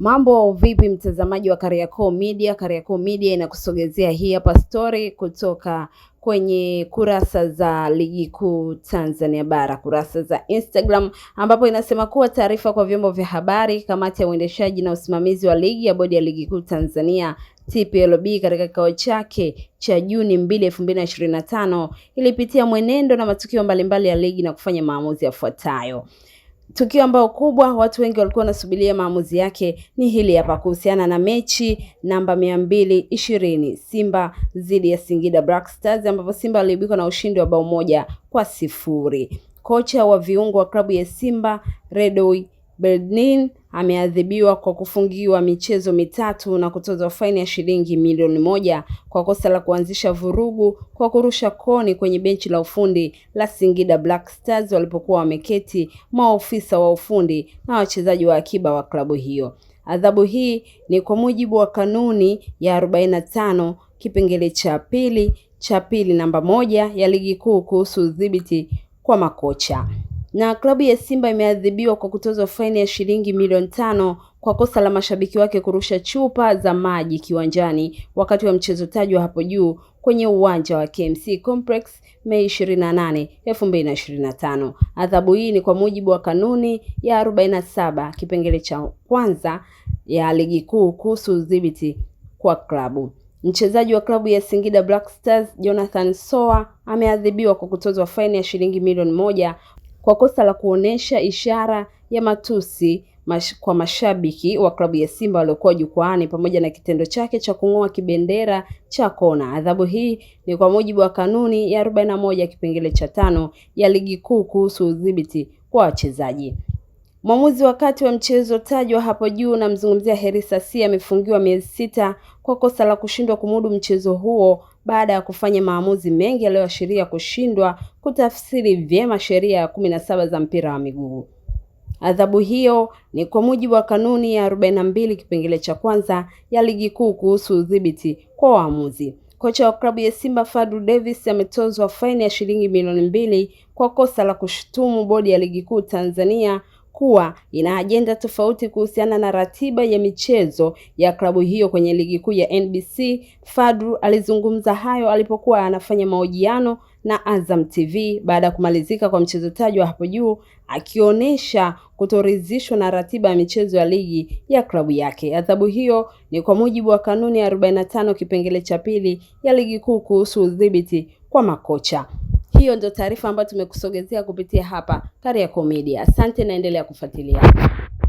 Mambo vipi, mtazamaji wa Kariakoo Media? Kariakoo Media inakusogezea hii hapa story kutoka kwenye kurasa za ligi kuu Tanzania bara, kurasa za Instagram, ambapo inasema kuwa taarifa kwa vyombo vya habari. Kamati ya uendeshaji na usimamizi wa ligi ya bodi ya ligi kuu Tanzania TPLB katika kikao chake cha Juni 2, 2025 ilipitia mwenendo na matukio mbalimbali ya ligi na kufanya maamuzi yafuatayo tukio ambayo kubwa watu wengi walikuwa wanasubiria maamuzi yake ni hili hapa, kuhusiana na mechi namba mia mbili ishirini Simba dhidi ya Singida Black Stars, ambapo Simba waliibuka na ushindi wa bao moja kwa sifuri. Kocha wa viungo wa klabu ya Simba Redoy Berdin ameadhibiwa kwa kufungiwa michezo mitatu na kutozwa faini ya shilingi milioni moja kwa kosa la kuanzisha vurugu kwa kurusha koni kwenye benchi la ufundi la Singida Black Stars walipokuwa wameketi maofisa wa ufundi na wachezaji wa akiba wa klabu hiyo. Adhabu hii ni kwa mujibu wa kanuni ya 45 kipengele cha pili cha pili namba moja ya Ligi Kuu kuhusu udhibiti kwa makocha. Na klabu ya Simba imeadhibiwa kwa kutozwa faini ya shilingi milioni tano kwa kosa la mashabiki wake kurusha chupa za maji kiwanjani wakati wa mchezo tajwa hapo juu kwenye uwanja wa KMC Complex Mei 28, 2025. Adhabu hii ni kwa mujibu wa kanuni ya 47 kipengele cha kwanza ya Ligi Kuu kuhusu udhibiti kwa klabu. Mchezaji wa klabu ya Singida Black Stars Jonathan Soa ameadhibiwa kwa kutozwa faini ya shilingi milioni moja kwa kosa la kuonesha ishara ya matusi mash, kwa mashabiki wa klabu ya Simba waliokuwa jukwaani pamoja na kitendo chake cha kung'oa kibendera cha kona. Adhabu hii ni kwa mujibu wa kanuni ya 41 kipengele cha tano ya ligi kuu kuhusu udhibiti kwa wachezaji. Mwamuzi wakati wa mchezo tajwa hapo juu namzungumzia Heri Sasi amefungiwa miezi sita kwa kosa la kushindwa kumudu mchezo huo baada ya kufanya maamuzi mengi yaliyoashiria kushindwa kutafsiri vyema sheria ya kumi na saba za mpira wa miguu. Adhabu hiyo ni kwa mujibu wa kanuni ya arobaini na mbili kipengele cha kwanza ya Ligi Kuu kuhusu udhibiti kwa waamuzi. Kocha wa klabu ya Simba Fadlu Davis ametozwa faini ya shilingi milioni mbili kwa kosa la kushutumu Bodi ya Ligi Kuu Tanzania kuwa ina ajenda tofauti kuhusiana na ratiba ya michezo ya klabu hiyo kwenye ligi kuu ya NBC. Fadru alizungumza hayo alipokuwa anafanya mahojiano na Azam TV baada ya kumalizika kwa mchezo tajwa hapo juu, akionyesha kutoridhishwa na ratiba ya michezo ya ligi ya klabu yake. Adhabu hiyo ni kwa mujibu wa kanuni ya 45 kipengele cha pili ya ligi kuu kuhusu udhibiti kwa makocha. Hiyo ndio taarifa ambayo tumekusogezea kupitia hapa Kariakoo Media. Asante, naendelea kufuatilia.